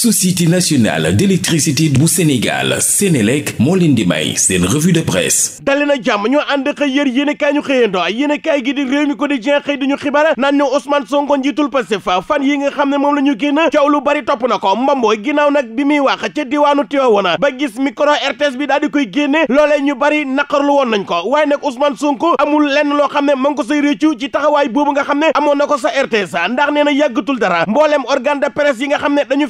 société nationale d'électricité bu Sénégal Sénélec moo leen di may seen revue de presse dali na jàmm ñoo ànd xëy yër yéen i kaay ñu xëyandoo yéen i kaay gi di réew mi ko di jeex xëy di ñu xibaar naan ñu Ousmane Sonko njiitul Pastef fan yi nga xam ne moom la ñu génn coow lu bari topp na ko mbambooy ginnaaw nag bi muy wax ca diwaanu Tivaouane ba gis micro RTS bi daal koy génne loolee ñu bari naqarlu woon nañ ko waaye nag Ousmane Sonko ko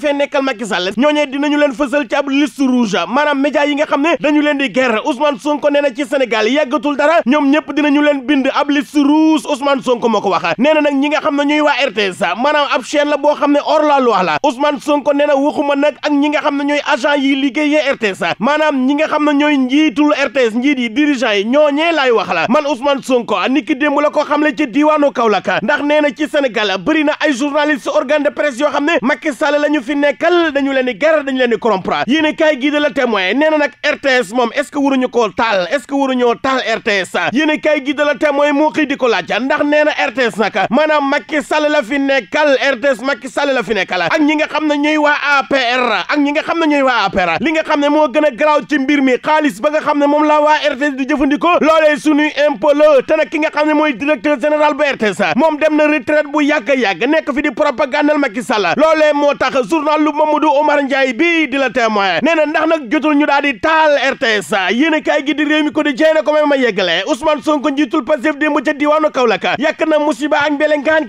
say nekkal Macky Sall ñooñee dinañu leen fësal ci ab liste rouge maanaam média yi nga xam ne dañu leen di guerre Ousmane Sonko nee na ci Sénégal yàggatul dara ñoom ñëpp dinañu leen bind ab liste rouge Ousmane Sonko moo ko wax nee na nag ñi nga xam ne ñuy waa RTS maanaam ab chaîne la boo xam ne or la loi la Ousmane Sonko nee na waxuma nag ak ñi nga xam ne ñooy agent yi liggéeyee RTS maanaam ñi nga xam ne ñooy njiitul RTS njiit yi dirigeant yi ñooñee laay wax la man Ousmane Sonko niki démb la ko xamle ci diiwaanu Kaolack ndax nee na ci Sénégal bëri na ay journalistes organe de presse yoo xam ne la ñu fi nekk xel dañu leen di ger dañu leen di corrompre yéen a kaay gii de la nee na nag RTS moom est ce que waruñu taal est ce que taal RTS yéen a kaay gii de la témoin moo xëy di ndax nee na RTS nag maanaam Macky Sall la fi nekkal RTS Macky Sall la fi nekkal ak ñi nga xam ne ñooy waa APR ak ñi nga xam ne ñooy li nga xam ne moo gën a garaaw ci mbir mi xaalis ba nga xam ne moom la waa RTS di jëfandikoo loolee suñuy impôt la te nag ki nga xam ne mooy directeur général bu dem na retraite bu yàgg a yàgg nekk fi di propagandal Macky Mamadou Omar Ndiaye na ndax nag jotul ñu daal di taal RTS gi di réew mi ko di jey na ko ma yeggale Ousmane Sonko ki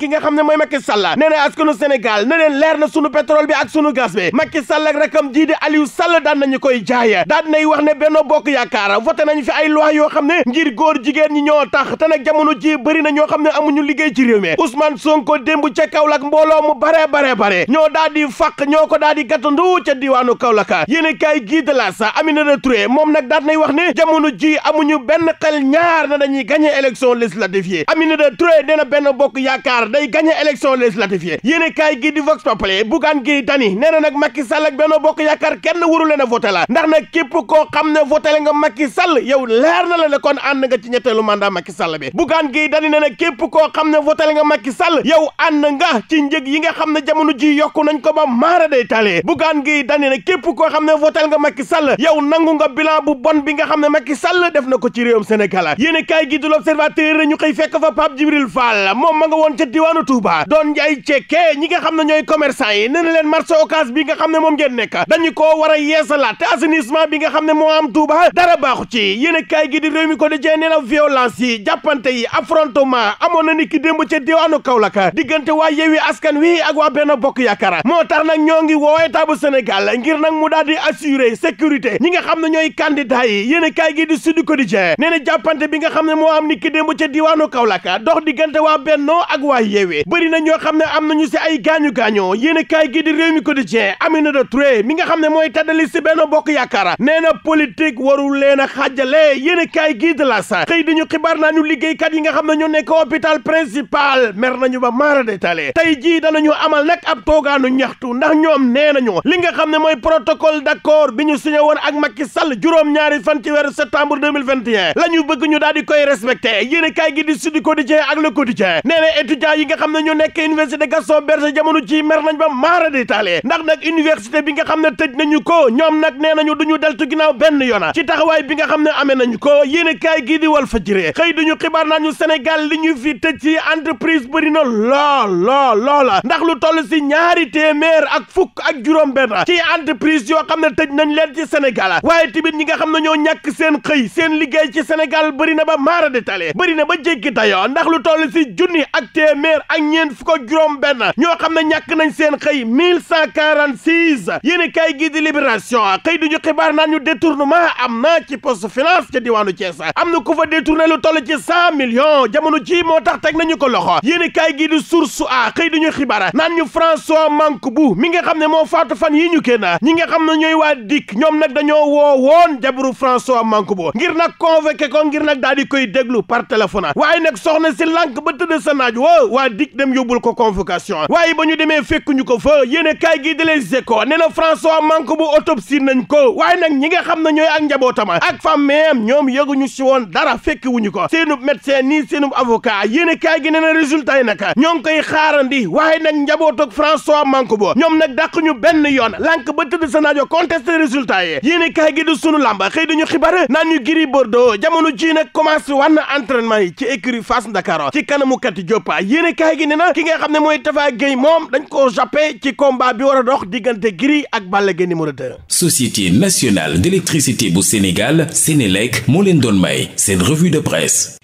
nga xam ne mooy Macky Sall na askanu Sénégal na leen na sunu pétrole bi ak sunu jii di Aliou Sall daan koy jaay daan nay wax ne Benno Bokk Yaakaar voté nañ fi ay loi yoo xam ne ngir góor jigéen ñi ñoo tax te nag jamono ji bëri na ñoo xam ne amuñu liggéey ci réew mi Ousmane Sonko démb ca Kaolack mbooloo mu bare bare bare ñoo daal di fàq ñoo ko daal di gàttandu ca diwaanu Kaolack yéen kaay gii de la sa Aminata Touré moom nag daat nay wax ne jamono ji amuñu benn xel ñaar na dañuy gagné élection législative yi Aminata Touré nee na benn bokk yaakaar day gagné élection législative yi yéen kaay gii di Vox Populi Bougane Gueye Dany nee na nag Macky Sall ak benn bokk yaakaar kenn waru leen a voté la ndax nag képp koo xam ne voté nga Macky Sall yow leer na la ne kon ànd nga ci ñetteelu mandat Macky Sall bi Bougane Gueye Dany nee na képp koo xam ne voté nga Macky Sall yow ànd nga ci njëg yi nga xam ne jamono ji yokku nañ ko ba maara day Italie Bougane Gueye Dany ne képp koo xam ne votel nga Macky Sall yow nangu nga bilan bu bon bi nga xam ne Macky def na ko ci réewum Sénégal yéen kaay gi du l'Observateur ñu xëy fekk fa Pape Djibril Fall moom ma nga woon ca diwaanu Touba doon njaay cekkee ñi nga xam ne ñooy commerçant yi nee na leen marché Ocass bi nga xam ne moom ngeen nekk dañu koo war a yeesalaat assainissement bi nga xam ne moo am Touba dara baaxu ci yéen kaay di réew mi ko di jee na violence yi jàppante yi affrontement amoon na ni ki démb ca diwaanu Kaolack diggante Wi ak waa Bokk Yaakaar moo tax nag ñoo woo état bu Sénégal ngir nag mu daal di assurer sécurité ñi nga xam ne ñooy candidat yi kaay a kaay gi di Sud Quotidien nee ne jàppante bi nga xam ne moo am ni ki démb ca diwaanu Kaolack dox diggante waa Benno ak waa Yewwi bëri na ñoo xam ne am nañu si ay gaañu-gaañoo yéen a kaay gi di Rewmi Quotidien Aminata Touré mi nga xam ne mooy tàddali si benn Bokk Yaakaar nee na politique warul leen a xaajale yéen kaay gi de la sa xëy dañu xibaar naa ñu liggéeykat yi nga xam ne ñoo nekk hôpital principal mer nañu ba maara détaillé tey jii danañu amal nag ab toogaanu ñaxtu ndax ñoom ñoom nee nañu li nga xam ne mooy protocole d'accord bi ñu signé woon ak Macky Sall juróom-ñaari fan ci weeru septembre 2021 la ñu bëgg ñu daal di koy respecté yéen kaay gi di Sud Quotidien ak Le Quotidien nee na étudiants yi nga xam ne ñu nekk université Gaston Berger jamono ci mer nañ ba maara di taale ndax nag université bi nga xam ne tëj nañu ko ñoom nag nee nañu du duñu deltu ginnaaw benn yoona ci taxawaay bi nga xam ne amee nañu ko yéen kaay gi di Walf Fadjri xëy duñu xibaar naa ñu Sénégal li ñu fi tëj ci entreprise bëri na lool lool loola ndax lu toll si ñaari téeméer ak fukk ko ak juróom benn ci entreprise yoo xam ne tëj nañ leen ci Sénégal waaye tamit ñi nga xam ne ñoo ñàkk seen xëy seen liggéey ci Sénégal bëri na ba maara de tale bëri na ba jéggi dayoo ndax lu toll si junni ak téeméer ak ñeent fukk ak juróom benn ñoo xam ne ñàkk nañ seen xëy 1146 yéen i kayi gii di libération xëy duñu xibaar naan ñu détournement am na ci poste finance ca diwaanu Thiès am na ku fa détourné lu toll ci cent millions jamono ji moo tax teg nañu ko loxo yéen i kayi gii di source a xëy duñu xibaar naan ñu François Mancabou mi nga xam ne moo faatu fan yi ñu génn ñi nga xam na ñooy waa dikk ñoom nag dañoo woo woon jabaru François boo ngir nag convoqué ko ngir nag daal di koy déglu par téléphone waaye nag soxna si lànk ba tëdd sa naaj wa waa dikk dem yóbbul ko convocation waaye ba ñu demee fekkuñu ko fa yéene kaay gi de Les Échos nee na François Mankubo autopsie nañ ko waaye nag ñi nga xam ne ñooy ak njabootam ak fammeem ñoom yëguñu si woon dara fekki wuñu ko seenub médecin nii seenub avocat yéene kaay gi nee na résultat yi nag ñoo ngi koy xaarandi waaye nag njabootuk François Mankubo ñoom nag dàq ñu benn yoon lanq ba tëdd sa naajo contesté résultat yi yéen kaay sunu làmba xëy dañu xibaar naan giri Gris doo jamono ji nag commencé na entraînement yi ci écurie Fass Ndakaaru ci kanamu Kati Diop yéen kaay gi ne na ki ngay xam ne mooy Tafa Gueye moom dañ koo jàppee ci combat bi war a dox diggante Gris ak Balla Gaye numéro 2. Société nationale d'électricité bu Sénégal Sénélec moo leen doon may seen revue de presse